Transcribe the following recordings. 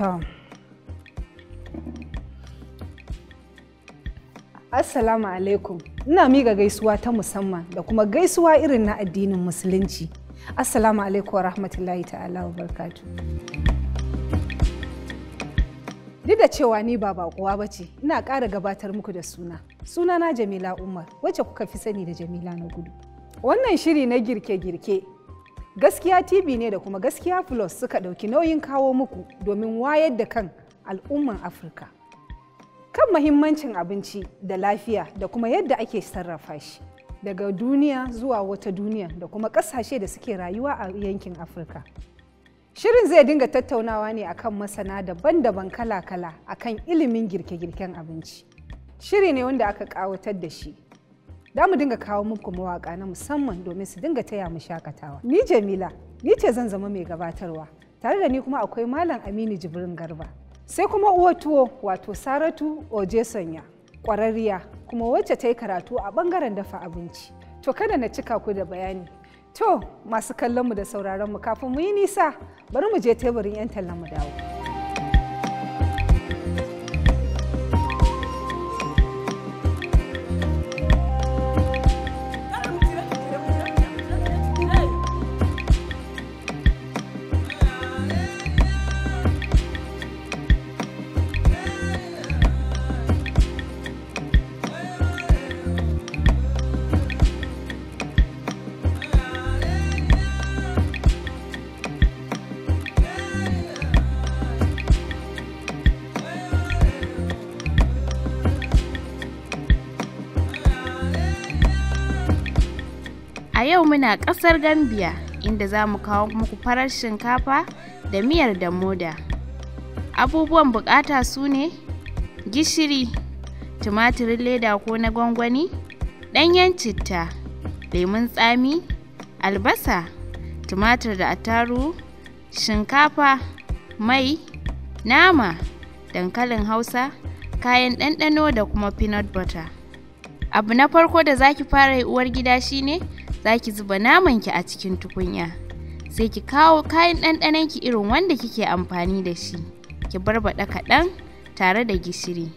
To. Assalamu alaikum. Ina miƙa gaisuwa ta musamman da kuma gaisuwa irin na addinin Musulunci. Assalamu alaikum wa rahmatullahi ta'ala wa barkatu. Duk da cewa ni ba baƙuwa ba ce, ina ƙara gabatar muku da suna. Sunana Jamila Umar, wacce kuka fi sani da Jamila na gudu. Wannan shiri na girke-girke Gaskiya TV ne da kuma Gaskiya Plus suka ɗauki nauyin kawo muku domin wayar da kan al'umman Afirka. Kan mahimmancin abinci da lafiya da kuma yadda ake sarrafa shi daga duniya zuwa wata duniya da kuma ƙasashe da suke rayuwa a yankin Afirka. Shirin zai dinga tattaunawa ne akan masana daban-daban kala-kala akan ilimin girke-girken abinci. Shiri ne wanda aka ƙawatar da shi da mu dinga kawo muku mawaka na musamman domin su dinga taya mu shakatawa. Ni Jamila, ni ce zan zama mai gabatarwa. Tare da ni kuma akwai Malam Aminu Jibrin Garba. Sai kuma uwa tuwo wato Saratu Oje Sonya, ƙwararriya kuma wacce ta yi karatu a ɓangaren dafa abinci. To kada na cika ku da bayani. To masu kallon mu da sauraron mu kafin mu yi nisa bari mu je teburin 'yan tallan mu dawo. yau muna ƙasar Gambia inda za mu kawo muku farar shinkafa da miyar da moda. Abubuwan bukata su ne gishiri, tumatirin leda ko na gwangwani, ɗanyen citta, lemun tsami, albasa, tumatir da ataru shinkafa, mai, nama, dankalin hausa, kayan ɗanɗano da kuma peanut butter. abu na farko da zaki fara yi uwar gida shine za ki zuba naman ki a cikin tukunya sai ki kawo kayan ɗanɗanon ki irin wanda kike amfani da shi ki barbaɗa kaɗan tare da gishiri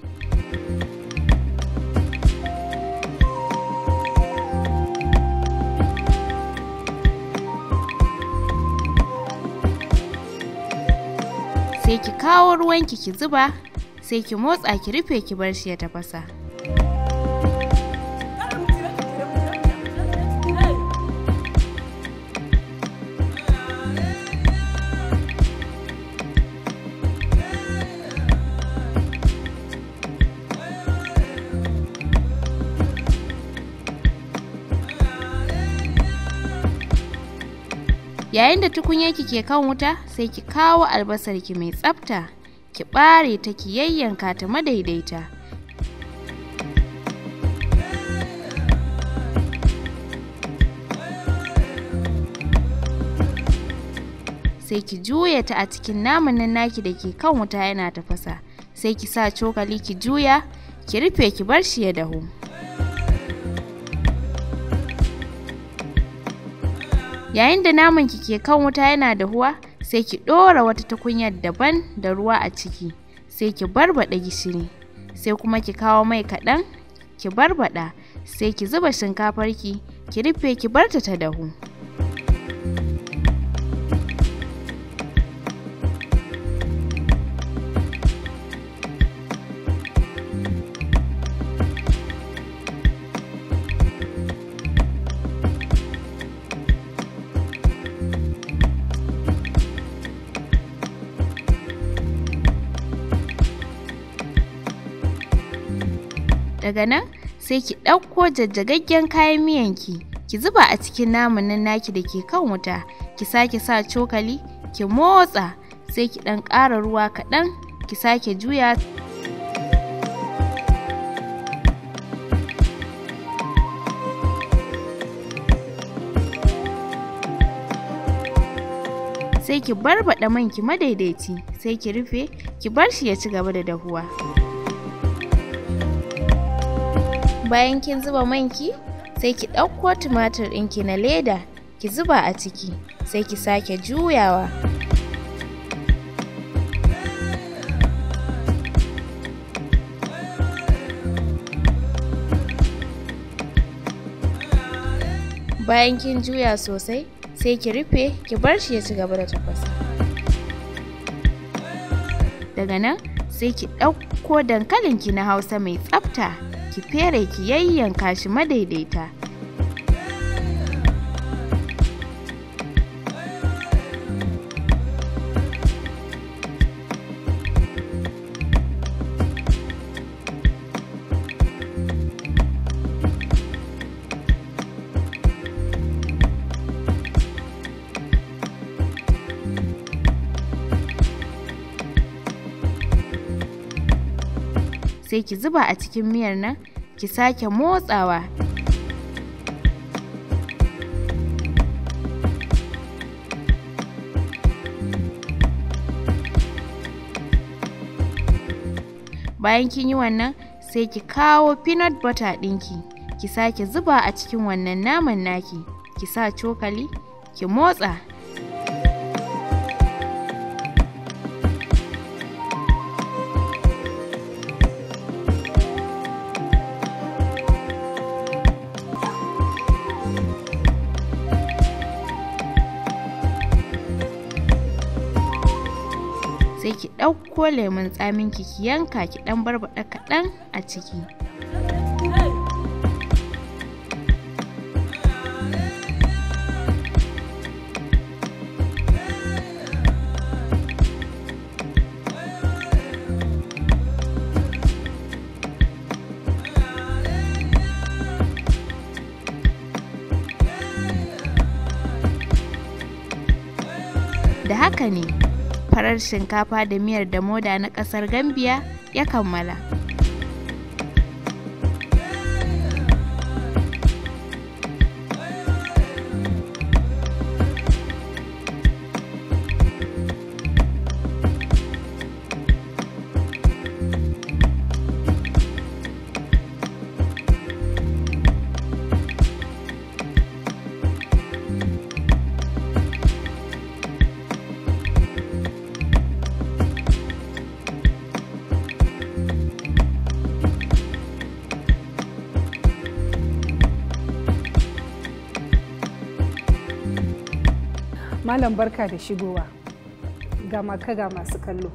sai ki kawo ruwanki ki zuba sai ki motsa ki rufe ki bar shi ya tafasa. yayin da ki ke kan wuta sai ki kawo albasarki mai tsafta ki ɓare ta ki yayyanka ta madaidaita sai ki juya ta a cikin naman naki da ke kan wuta yana tafasa sai ki sa cokali ki juya ki rufe ki bar shi ya dahu Yayin da naman ki ke kan wuta yana dahuwa, sai ki ɗora wata tukunya daban da ruwa a ciki, sai ki barbaɗa gishiri, sai kuma ki kawo mai kaɗan, ki barbaɗa, sai ki zuba shinkafar ki, ki rufe ki barta ta dahu. daga nan sai ki ɗauko jajjagaggen kayan miyanki ki zuba a cikin naman nan naki da ke kan wuta ki sake sa cokali ki motsa sai ki ɗan ƙara ruwa kaɗan ki sake juya sai ki barbaɗa man ki madaidaici sai ki rufe ki bar shi ya ci gaba da dahuwa. bayan kin zuba manki, ki sai ki ɗauko tumatir ɗinki na leda ki zuba a ciki sai ki sake juyawa bayan kin juya sosai sai ki rufe ki bar shi ya ci gaba da tafasa daga nan sai ki ɗauko dankalin na hausa mai tsafta ki fere ki yayyanka shi madaidaita sai ki zuba a cikin miyar nan ki sake motsawa bayan kin yi wannan sai ki kawo peanut butter ɗinki ki sake zuba a cikin wannan naman naki ki sa cokali ki motsa ɗauko lemon tsamin ki ki yanka ki ɗan barbaɗa kaɗan a ciki. Da haka ne farar shinkafa da miyar da moda na ƙasar Gambia ya kammala. Malam barka da shigowa. Ga maka ga masu kallo.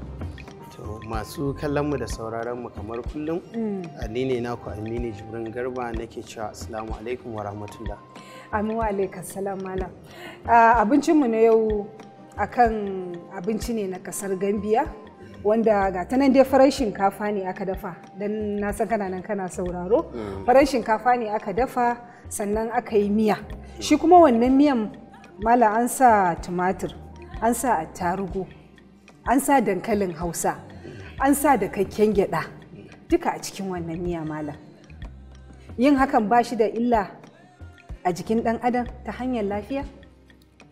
To masu mu da mu kamar kullum. Mm. Ni ne naku Aminu Jibrin Garba nake cewa Assalamu alaikum wa rahmatullah. Amin wa alaikum salam malam. Abincinmu na yau akan abinci ne na kasar Gambiya wanda ga ta nan dai farar shinkafa ne aka dafa don na san kana nan kana sauraro mm. farar shinkafa ne aka dafa sannan aka yi miya mm. shi kuma wannan miyan mala an sa tumatir an sa attarugu an sa dankalin hausa an sa da kakken gyada duka a cikin wannan miya mala yin hakan ba shi da illa a jikin dan adam ta hanyar lafiya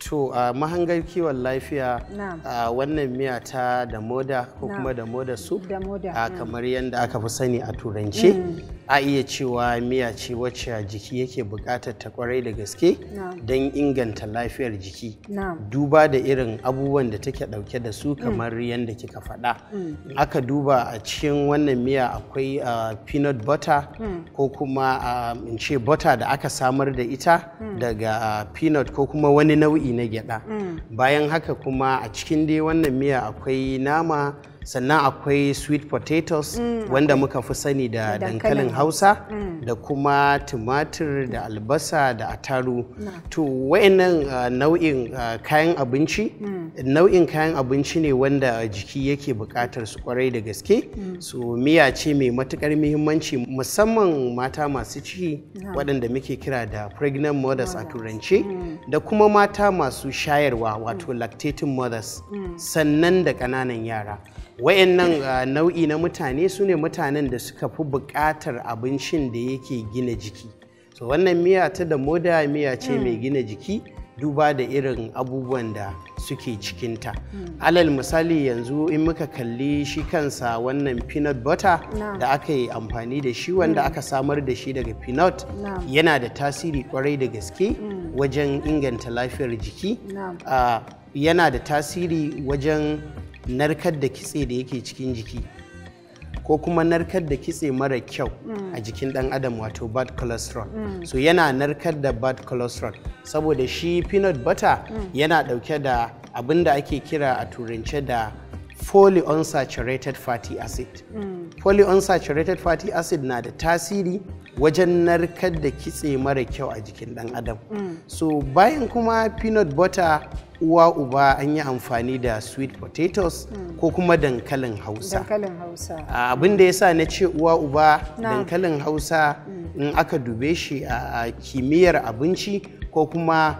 to a mahangar kiwon lafiya a wannan miya ta da moda ko kuma da moda soup kamar yadda aka fi sani a turance mm. a iya cewa miya ce wacce jiki yake buƙatar ta kwarai da gaske don inganta lafiyar jiki duba da irin abubuwan da take ɗauke da su mm. kamar yadda kika faɗa mm. aka duba a cikin wannan miya akwai uh, peanut butter mm. ko kuma uh, in ce butter da aka samar da ita daga uh, peanut ko kuma wani nau'i na gyaɗa bayan haka kuma a cikin dai wannan miya akwai nama sannan akwai sweet potatoes mm, wanda muka fi sani da dankalin hausa mm. da kuma tumatir da albasa da ataru to wayannan uh, nau'in uh, kayan abinci mm. nau'in kayan abinci ne wanda jiki yake buƙatar su kwarai da gaske mm. so miya ce mai matuƙar muhimmanci musamman mata masu ciki no. waɗanda muke kira da pregnant mothers a turance mm. da kuma mata masu shayarwa wato lactating mothers mm. sannan da ƙananan yara wayannan ah, nau'i na mutane su ne mutanen da suka fi buƙatar abincin da yake gina jiki so wannan miya ta da moda miya ce mai mm. gina jiki duba da irin abubuwan da suke cikinta mm. alal misali yanzu in muka kalli shi kansa wannan peanut butter da aka yi amfani da shi wanda mm. aka samar da shi daga peanut yana da tasiri kwarai da gaske wajen inganta lafiyar jiki ah, yana da tasiri wajen narkar da kitse da yake cikin jiki ko kuma narkar da kitse mara kyau mm. a jikin dan adam wato bad cholesterol mm. so yana narkar da bad cholesterol saboda shi peanut butter mm. yana dauke da abin da ake kira a turance da polyunsaturated fatty acid mm. polyunsaturated fatty acid na da tasiri wajen narkar da kitse mara kyau a jikin dan adam mm. so bayan kuma peanut butter uwa uba an yi amfani da sweet potatoes mm. ko kuma dankalin hausa dankalin hausa abin da sa na ce uwa uba dankalin hausa mm. in aka dube shi a kimiyyar abinci ko kuma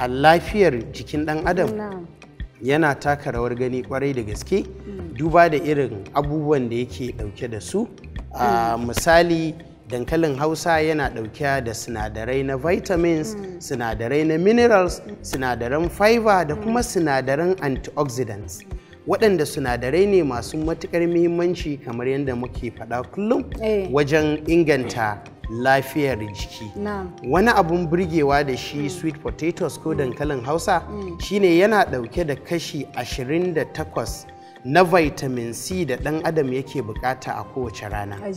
a lafiyar jikin dan adam yana taka rawar gani kwarai da gaske mm. duba da irin abubuwan da yake dauke da su a mm. misali dankalin hausa yana dauke da sinadarai na vitamins mm. sinadarai na minerals sinadaran fiber da kuma sinadaran antioxidants waɗanda sinadarai ne masu matuƙar muhimmanci kamar yadda muke faɗa kullum eh. wajen inganta lafiyar jiki wani abun burgewa da shi mm. sweet potatoes ko mm. dankalin hausa mm. shine yana ɗauke da kashi 28 na vitamin c da ɗan adam yake bukata a kowace rana a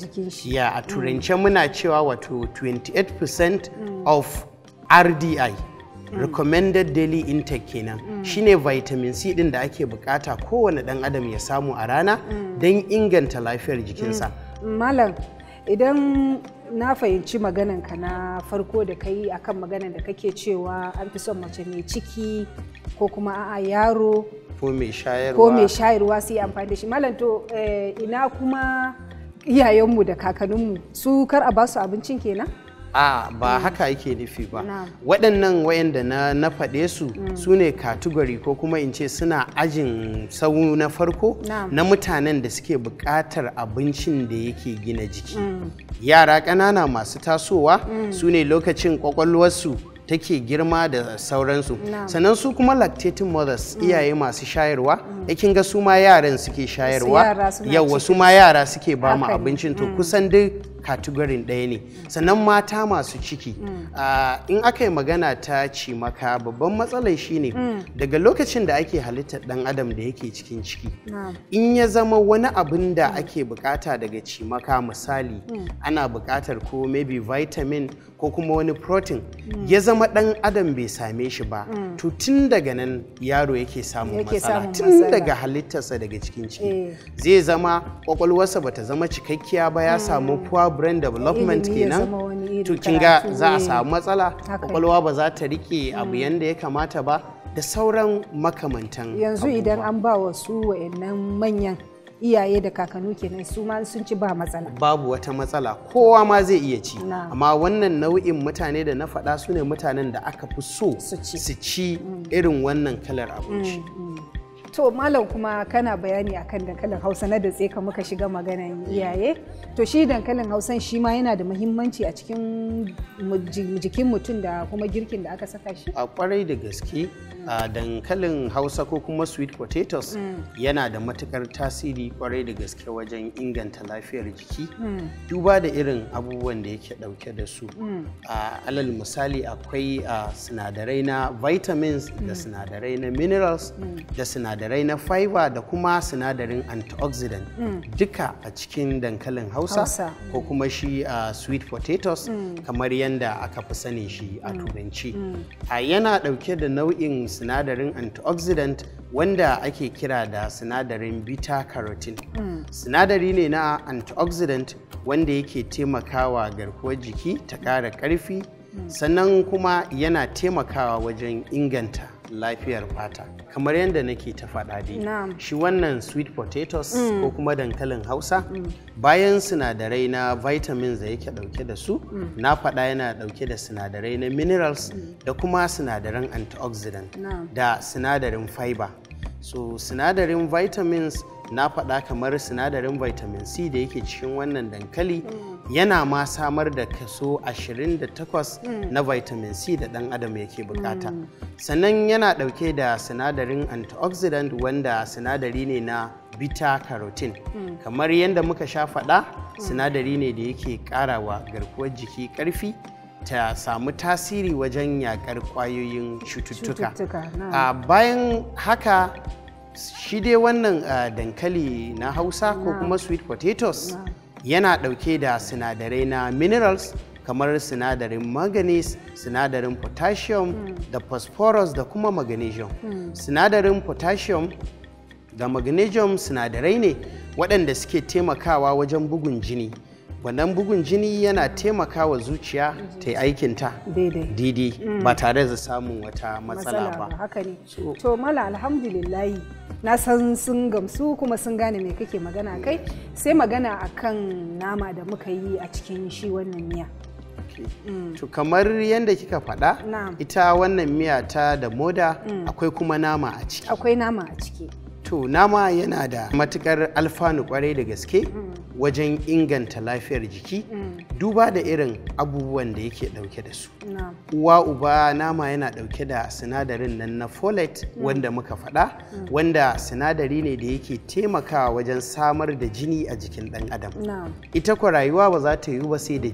ya a turance muna cewa wato 28% of rdi recommended daily intake kenan shine vitamin C din da ake bukata kowane dan adam ya samu a rana don inganta lafiyar jikinsa. Malam idan na fahimci maganan ka na farko da ka akan maganan da kake cewa an fi son mace mai ciki ko kuma a yaro ko mai shayarwa ko amfani da shi malam eh, ina kuma iyayenmu da kakanninmu su kar a basu abincin kenan a ba haka yake nufi ba waɗannan wayanda na na faɗe su mm. su ne kategori ko kuma in ce suna ajin sau na farko na mutanen da suke buƙatar abincin da yake gina jiki mm. yara ƙanana masu tasowa mm. su ne lokacin ƙwaƙwalwarsu take girma da sauransu sannan su kuma lactating mothers iyaye masu shayarwa Ya eh, kin ga su ma yaran suke shayarwa yawa su ma yara suke ba mu abincin to kusan duk katigorin ɗaya ne sannan mata masu ciki mm. in aka yi magana ta cimaka babban matsalar shine mm. daga lokacin da ake halittar ɗan adam da yake cikin ciki in ya zama wani abin da ake bukata daga cimaka misali mm. ana bukatar ko maybe vitamin ko kuma wani protein ya zama ɗan adam bai same shi ba to tun daga nan yaro yake samun matsala tun daga halittarsa daga cikin ciki eh. zai zama kwakwalwarsa bata zama cikakkiya ba ya samu brain development kenan to kinga za a samu matsala kwakwalwa ba za ta rike mm. abu yanda ya kamata ba da sauran makamantan yanzu idan an ba wa su wa'annan manyan iyaye da kakanni kenan su ma sun ci ba matsala babu wata matsala kowa ma zai iya ci amma wannan nau'in mutane da na faɗa su ne mutanen da aka fi so su ci mm. irin wannan kalar abinci mm, to malam kuma kana bayani akan dankalin hausa na da ka muka shiga magana iyaye to shi dankalin Hausa shi ma yana da muhimmanci a cikin jikin mutum da kuma girkin da aka saka shi a kwarai da gaske dankalin hausa ko kuma sweet potatoes mm. yana da matukar tasiri kwarai da gaske wajen inganta lafiyar jiki mm. duba da irin abubuwan da yake dauke da su mm. A alal misali akwai sinadarai na vitamins da sinadarai na minerals da sinadarai sinadarai na fiber da kuma sinadarin antioxidant mm. duka a cikin dankalin hausa ko kuma shi a uh, sweet potatoes mm. kamar yadda aka fi sani shi a mm. turanci yana ɗauke da nau'in sinadarin antioxidant wanda ake kira da sinadarin beta carotene sinadari ne na antioxidant wanda yake taimakawa garkuwar jiki ta ƙara ƙarfi sannan kuma yana taimakawa wajen inganta lafiyar fata kamar yadda nake ta faɗa dai shi wannan sweet potatoes mm. ko kuma dankalin hausa mm. bayan sinadarai na vitamins da yake ɗauke da su mm. na faɗa yana ɗauke da sinadarai na minerals da kuma sinadaran antioxidant da sinadarin fiber so sinadarin vitamins na faɗa kamar sinadarin vitamin c da yake cikin wannan dankali yana ma samar da kaso 28 na vitamin c da ɗan adam yake bukata sannan yana ɗauke da sinadarin antioxidant wanda sinadari ne na bita carotene kamar yadda muka sha faɗa sinadari ne da yake ƙarawa garkuwar jiki ƙarfi ta samu tasiri wajen yakar kwayoyin cututtuka. Ah, bayan haka shi dai wannan ah, dankali na hausa ko kuma sweet potatoes yana ɗauke da sinadarai na minerals kamar sinadarin manganese sinadarin potassium hmm. da phosphorus da kuma magnesium hmm. sinadarin potassium da magnesium sinadarai ne waɗanda suke taimakawa wajen bugun jini wannan bugun jini yana taimakawa zuciya ta yi aikinta daidai mm. ba tare da samun wata matsala ba haka ne to mala alhamdulillahi na san sun gamsu kuma sun gane me kake magana kai sai magana akan nama da muka yi a cikin shi wannan miya mm. to kamar yadda kika faɗa ita wannan miya ta da moda mm. akwai kuma nama a ciki to nama yana da matukar alfanu kwarai da gaske wajen inganta lafiyar jiki duba da irin abubuwan da yake dauke da su uwa uba nama yana dauke da sinadarin nan na folate wanda muka faɗa mm. wanda sinadari ne da yake taimakawa wajen samar da jini a jikin ɗan adam ita kwa rayuwa ba za ta yi ba sai da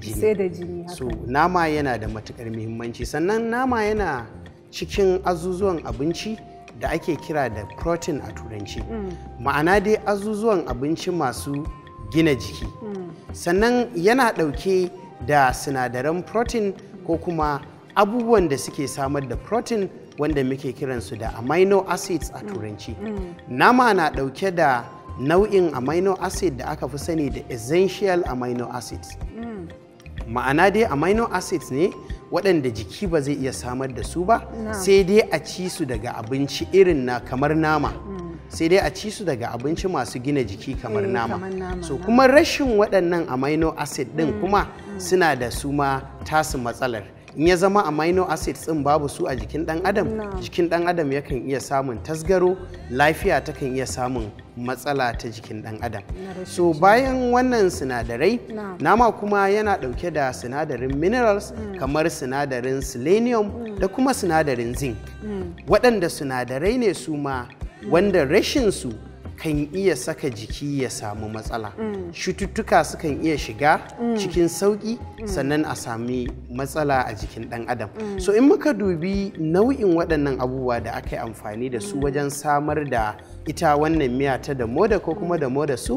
jini so nama yana da matukar muhimmanci sannan nama yana cikin azuzuwan abinci da ake kira da protein a turanci mm. ma'ana dai azuzuwan abinci masu gina jiki mm. sannan yana ɗauke da sinadaran protein ko kuma abubuwan da suke samar da protein wanda muke kiransu da amino acids a mm. turanci nama na ɗauke da nau'in amino acid da aka fi sani da essential amino acids ma'ana dai amino acids ne waɗanda jiki ba zai iya samar da su ba sai dai a ci su daga abinci irin na kamar nama mm. sai dai a ci su daga abinci masu gina jiki kamar eh, nama so kuma rashin waɗannan amino acid ɗin mm. kuma mm. suna da su ma tasu matsalar in ya zama amino acids din babu su a jikin dan adam jikin dan adam yakan iya samun tasgaro lafiya takan iya samun matsala ta jikin dan adam so bayan wannan sinadarai nama kuma yana dauke da sinadarin minerals mm. kamar sinadarin selenium mm. da kuma sinadarin zinc mm. waɗanda sinadarai ne su ma wanda rashin su kan iya saka jiki ya samu matsala mm. cututtuka sukan iya shiga mm. cikin sauƙi mm. sannan a sami matsala a jikin ɗan adam so in muka dubi nau'in waɗannan abubuwa da aka yi amfani da su wajen samar da ita wannan miya ta da moda ko kuma da moda su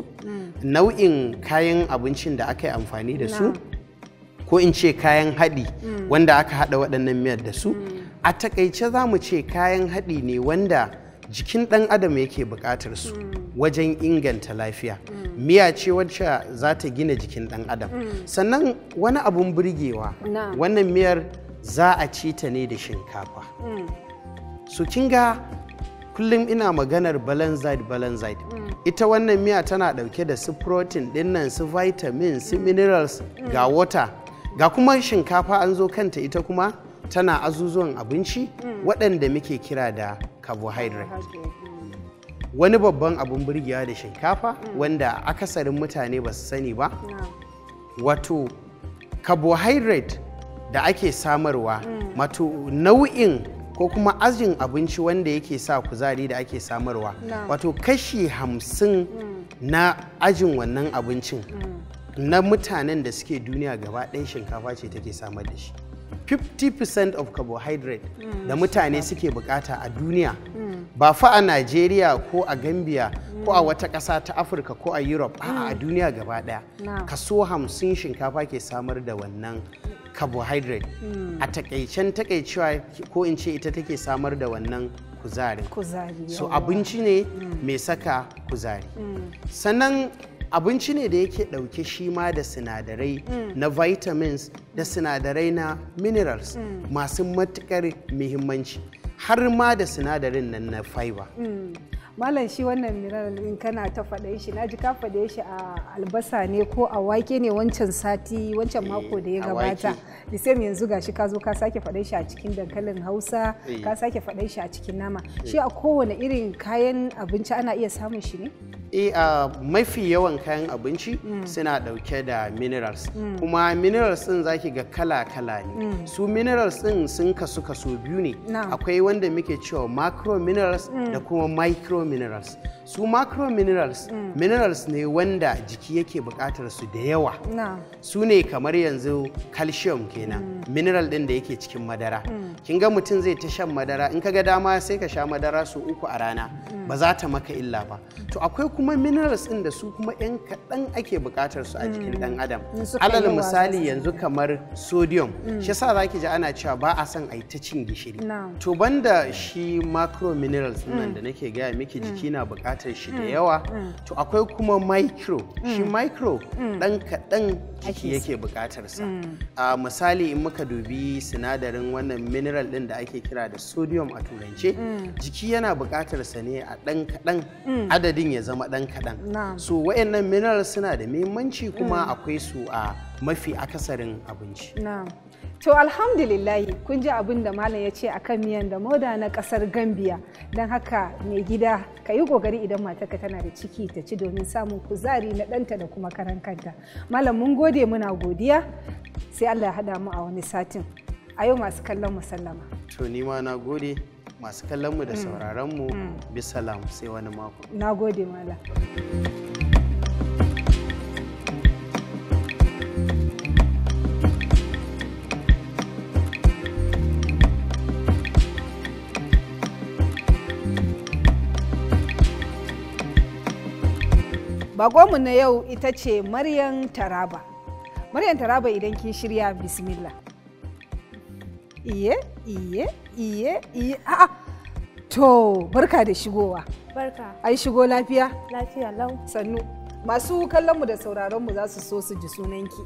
nau'in kayan abincin da aka yi amfani da su ko in ce kayan haɗi wanda aka haɗa waɗannan miyar da su a takaice za mu ce kayan haɗi ne wanda jikin ɗan adam yake buƙatar su mm. wajen inganta lafiya mm. miya ce wacce za ta gina jikin ɗan adam mm. sannan wani abun burgewa wannan miyar za a ci ta ne da shinkafa Su kinga kullum ina maganar balanzide balanzide ita wannan miya tana ɗauke da su protein dinnan su vitamin su minerals ga wata ga kuma shinkafa an zo kanta ita kuma tana azuzuwan abinci waɗanda muke kira da carbohydrate oh, hmm. wani babban abun burgewa da shinkafa hmm. wanda akasarin mutane ba su sani ba hmm. wato carbohydrate da ake samarwa mato nau'in ko kuma ajin abinci wanda yake sa kuzari da ake samarwa wato kashi hamsin na ajin wannan abincin na mutanen da suke duniya gaba ɗaya shinkafa ce take samar da shi 50% of carbohydrate mm, da mutane suke bukata a duniya mm. ba fa a Najeriya ko a Gambia ko a mm. wata ƙasa ta Afirka ko a Europe mm. a duniya gaba ɗaya kaso hamsin shinkafa ke samar da wannan carbohydrate a takaicen takaicewa ko in ce ita take samar da wannan kuzari so abinci ne mai saka kuzari sannan abinci ne da yake ɗauke shi ma da sinadarai mm. na vitamins da sinadarai na minerals mm. masu matuƙar muhimmanci har ma da sinadarin nan na fiber mm. malam shi wannan mineral in kana ta faɗa shi na ji ka faɗe shi a albasa ne ko a wake ne wancan sati wancan eh, mako da ya gabata da sai yanzu gashi ka zo ka sake faɗa shi a cikin dankalin hausa eh. ka sake faɗa shi a cikin nama eh. shi a kowane irin kayan abinci ana iya samun shi ne eh mafi yawan kayan abinci mm. suna dauke da minerals mm. kuma minerals din zaki ga kala-kala ne mm. su minerals din sun kasu kaso biyu ne akwai wanda muke cewa macro minerals da kuma micro minerals su macro minerals mm. minerals ne wanda jiki yake buƙatar su da yawa su ne kamar yanzu calcium kenan mm. mineral ɗin da yake cikin madara mm. kin ga mutum zai ta shan madara in ka ga dama sai ka sha madara su uku a rana ba za ta maka illa ba to akwai kuma minerals ɗin da su kuma 'yan kaɗan ake buƙatar su a jikin ɗan adam alal misali yanzu kamar sodium shi yasa za ki ji ana cewa ba a son a yi ta cin gishiri to banda shi macro minerals nan da nake gaya miki jiki na buƙatar buƙatar shi da mm, yawa mm. to akwai kuma micro shi mm. micro ɗan kaɗan jiki yake buƙatarsa a misali in muka dubi sinadarin wannan mineral ɗin da ake kira da sodium a turance jiki yana buƙatarsa ne a ɗan kaɗan adadin ya zama ɗan kaɗan so wayannan mineral suna da muhimmanci kuma akwai su a mafi akasarin abinci To alhamdulillahi kun ji abin da malam ya ce akan miyan da moda na kasar Gambia don haka mai gida ka yi kokari idan matarka tana da ciki ta ci domin samun kuzari na ɗanta da kuma karan kanta. Malam mun gode muna godiya sai Allah ya haɗa mu a wani satin. A yau masu kallon mu sallama. To ni ma na gode masu kallon mu da mm. sauraron mu mm. bisalam sai wani mako. Na gode malam. Bagonmu na yau ita ce Maryam Taraba. Maryam Taraba idan kin shirya bismillah. Iye, iye, iye, iye, a To, barka da shigowa. Barka. Ai shigo lafiya? Lafiya lau. Sannu. Masu kallonmu da sauraronmu za su so su ji sunanki.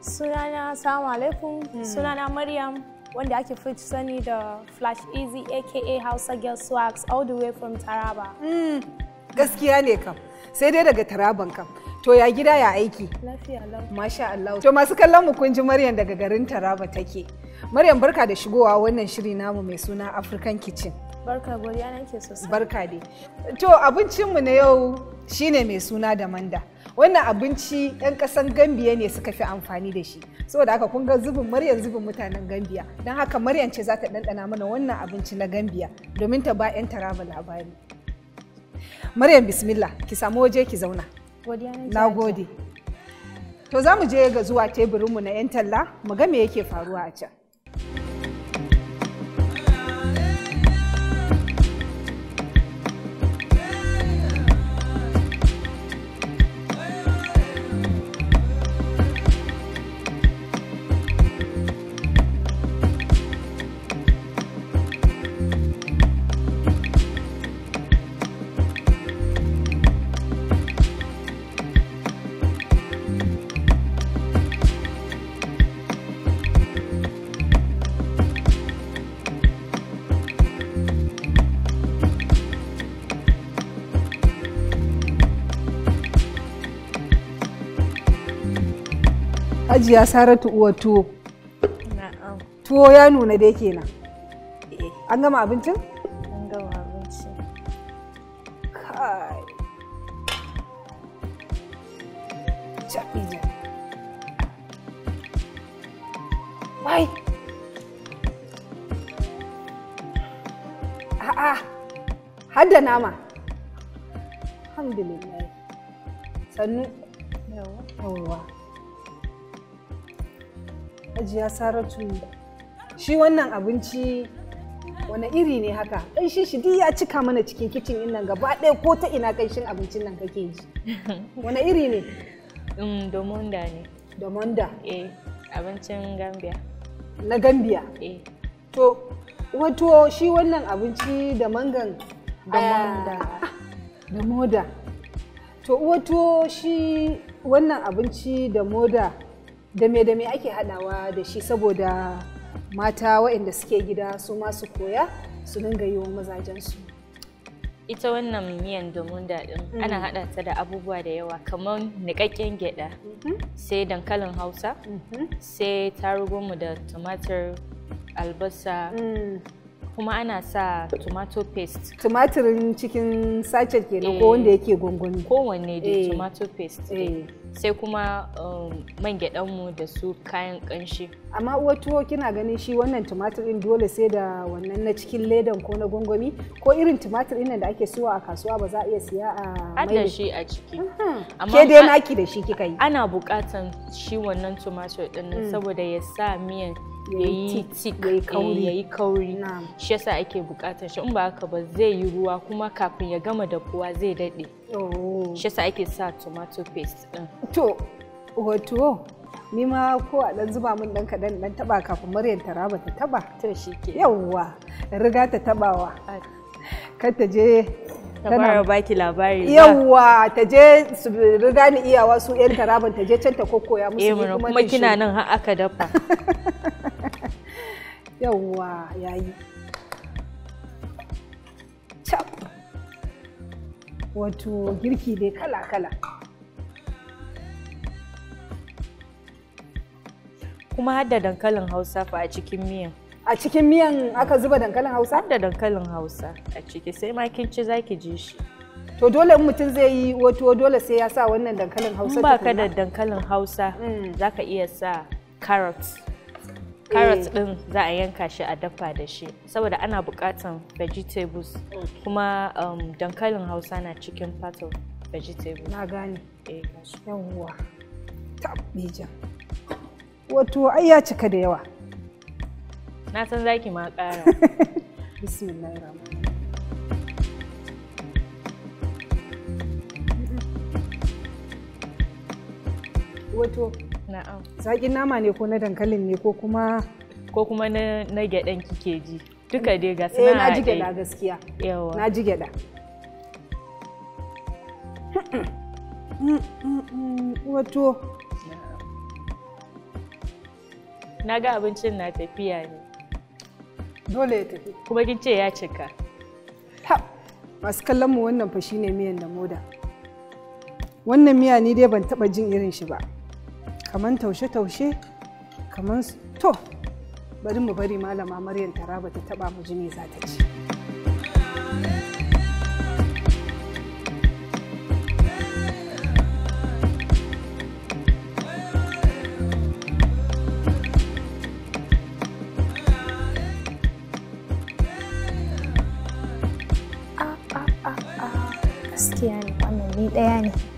Sunana, samu alaikum. Hmm. Sunana Maryam. wanda ake fit sani da Flash Easy aka Hausa Girl Swags all the way from Taraba. Mm. gaskiya ne kam sai dai daga taraban kam to ya gida ya aiki masha Allah to masu kallon mu kun ji Maryam daga garin Taraba take Maryam barka da shigowa wannan shiri namu mai suna African Kitchen barka godiya nake sosai barka dai to abincin mu na yau shine mai suna da manda wannan abinci 'yan kasan gambiya ne suka fi amfani da shi saboda haka kun ga zubin maryam zubin mutanen gambiya Dan haka maryam ce za ta ɗanɗana mana wannan abinci na gambiya domin ta ba 'yan taraba labari Maryam bismillah ki samu waje ki zauna. Na gode. To za mu je ga zuwa teburinmu na 'yan talla mu ga me yake faruwa a can. hajiya saratu uwa tuwo tuwo ya nuna dai kenan eh. an gama abincin? an gama abinci kai wai a'a hadda nama alhamdulillah sannu ya saratu shi wannan abinci wani iri ne haka ƙanshin shi duk ya cika mana cikin kicin ina gaba ɗaya ko ta ina ƙanshin abincin nan kake ji wani iri ne mm, domonda ne domonda eh abincin gambia na gambia eh to wato shi wannan abinci da mangan da moda to wato shi wannan abinci da moda da me da me ake hadawa da shi saboda mata waɗanda suke gida su masu koya su dinga yi wa mazajensu ita wannan miyan domin daɗin mm. ana haɗa ta da abubuwa da yawa kamar niƙaƙƙen gyaɗa mm-hmm. sai dankalin hausa mm-hmm. sai tarugunmu da tumatir albasa mm. kuma ana sa tomato paste tumatirin cikin sachet ke ko wanda eh. yake gwangwani kowanne dai eh. tomato paste eh. sai kuma um, man gyaɗanmu da su kayan kanshi. Amma uwa tuwo kina ganin shi wannan tumatir ɗin dole sai da wannan na cikin ledan ko na gwangwami ko irin tumatir ɗin da ake suwa a kasuwa ba za a iya siya a mai da shi a ciki. Ke dai naki da shi kika yi. Ana buƙatan shi wannan tumatir ɗin mm. saboda ya sa miyan ya yi tik ya kauri shi yasa ake buƙatan shi in ba haka ba zai yi ruwa kuma kafin ya gama da kuwa zai daɗe. Oh. shi yasa ake sa tomato paste din to wato ni ma ko a dan zuba min dan kadan dan taba kafin Maryam ta raba ta taba to shike yawwa riga ta tabawa kar ta je tana baki labari yawwa ta je su riga ni iyawa su yan taraban ta je can ta kokoya musu eh, kuma kuma kina nan har aka dafa yawwa yayi wato girki dai kala-kala kuma hadda dankalin hausa fa a cikin miyan a cikin miyan aka zuba dankalin hausa hadda dankalin hausa a ciki sai ma kin ci zaki ji shi to dole mutum zai yi wato dole sai ya sa wannan dankalin hausa ba ka da dankalin hausa mm. zaka iya sa carrots carrots eh. din za a yanka shi a dafa da shi saboda ana bukatan vegetables mm. kuma um, dankalin hausa na cikin part of vegetables na gane eh. yawwa tabbija wato ai ya cika da yawa na san zaki ma ƙara bismillahirrahmanirrahim wato Na'am. Zaƙin nama ne ko na dankalin ne ko kuma ko kuma na na gyaɗan kike ji. Duka dai ga suna eh, na ji gyaɗa gaskiya. Yawa. Na ji gyaɗa. Wato. Na ga abincin na tafiya ne. Dole ya tafi. Kuma kin ce ya cika. Ha! Masu kallon mu wannan fa shine miyan da moda. Wannan miya ni dai ban taɓa jin irin shi ba. kaman taushe-taushe kaman to bari mu bari malama maryam taraba ta taba mu jini za ta ci gaskiya ɗaya ne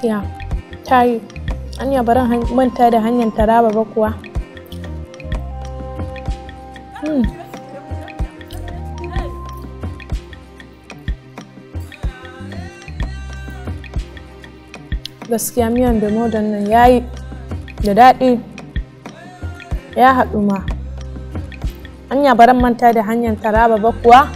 gaskiya ta yi anya barin manta da hanyar taraba ba kuwa hmm. gaskiya miyan da modan nan ya yi da daɗi ya haɗu ma anya barin manta da hanyar taraba ba kuwa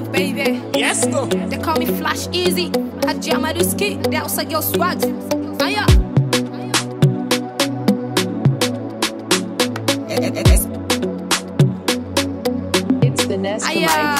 love, baby. Yes, go. They call me Flash Easy. Hajama Ruski. They also your swag. Aya. It's the nest. Aya.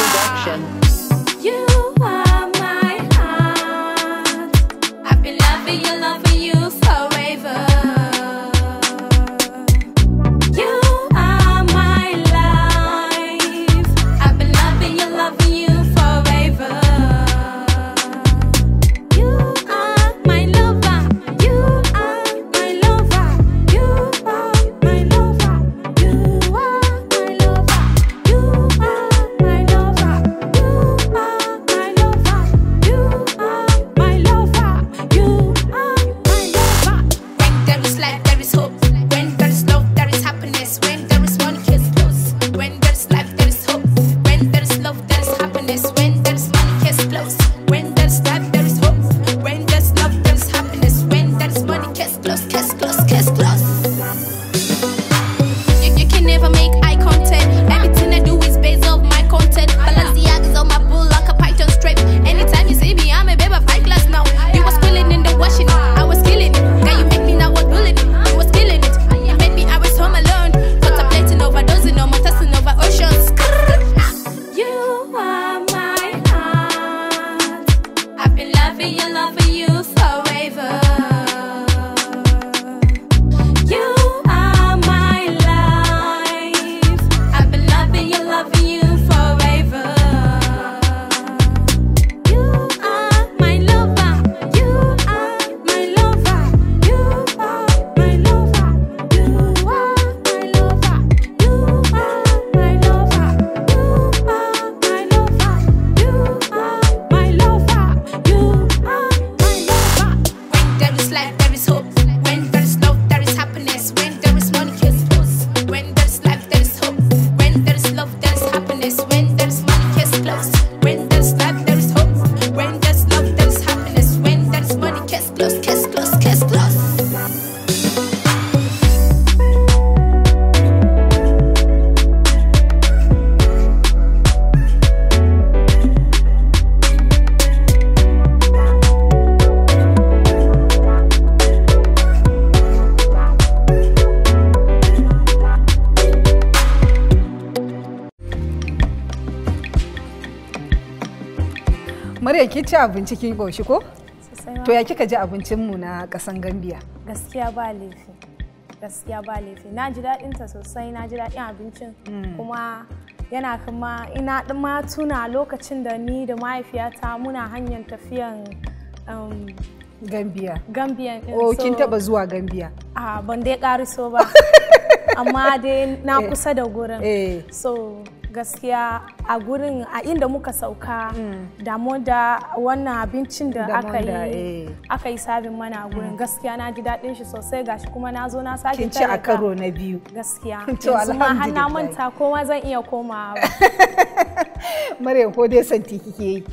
be in love with you forever. Maryam ki ci abinci kin koshi ko? To ya kika ji abincin mu na kasan Gambia? Gaskiya ba laifi. Gaskiya ba laifi. Na ji daɗin ta sosai, na ji daɗin abincin hmm. kuma yana kuma ina ma tuna lokacin da ni da mahaifiyata muna hanyar tafiyan um, Gambia. Gambia. Oh, kin taba zuwa Gambia. Ah, ban dai kariso ba. Amma dai na eh. kusa da gurin. Eh. So gaskiya a gurin a inda muka sauka mm. damu da wannan abincin da eh. aka yi aka yi sabin mana a gurin mm. gaskiya na ji daɗin shi sosai gashi kuma na zo na sake ci a karo na biyu gaskiya to alhamdulillah har na manta koma zan iya komawa Maryam ko dai santi kike yi.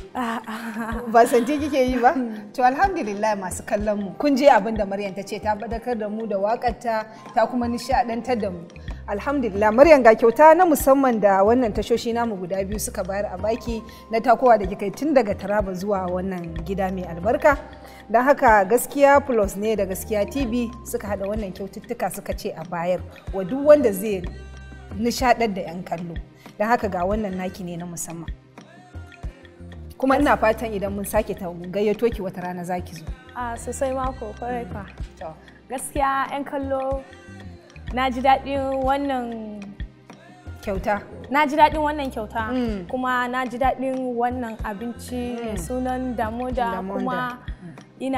Ba santi kike yi ba? To alhamdulillah masu kallon mu. Kun je abin da Maryam ta ce ta badakar da mu da wakarta ta kuma nishadantar da mu. Alhamdulillah Maryam ga kyauta na musamman da wannan tashoshi namu guda biyu suka bayar a baki na takowa da kika tun daga Taraba zuwa wannan gida mai albarka. Don haka gaskiya plus ne da gaskiya TV suka hada wannan kyaututtuka suka ce a bayar wa duk wanda zai nishadar da 'yan kallo. don haka ga wannan naki ne na musamman kuma ina fatan idan mun sake ta gayyato ki wata rana za ki zo a sosai mako kwarai kwa gaskiya 'yan kallo na ji daɗin wannan kyauta na ji daɗin wannan kyauta mm. kuma na ji daɗin wannan abinci mm. sunan damoda kuma mm.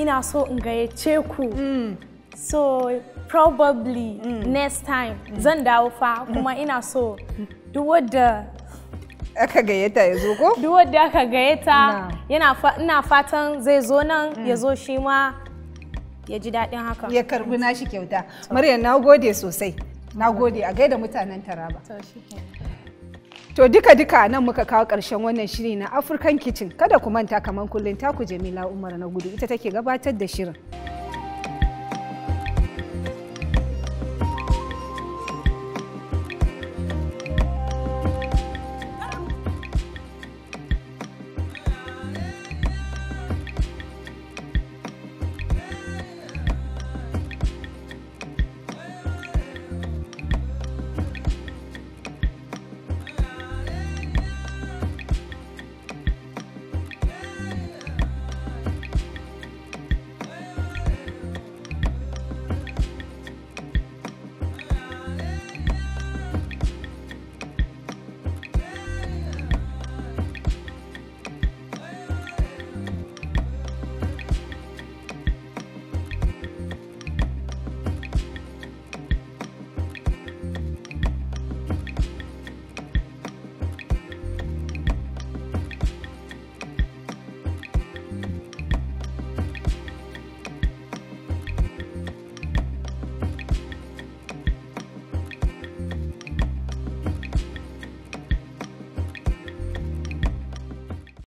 ina so in gayyace ku so probably next time zan dawo fa kuma ina so duk wadda aka gayyata ya zo ko? Duk wadda aka gayyata yana ina fatan zai zo nan mm. ya zo shi ma ya ji daɗin haka. Ya karbi nashi kyauta. Maryam na gode sosai. Na gode a gaida mutanen Taraba. To duka duka nan muka kawo ƙarshen wannan shiri na African Kitchen. Kada ku manta kaman kullum taku Jamila Umar na gudu ita take gabatar da shirin.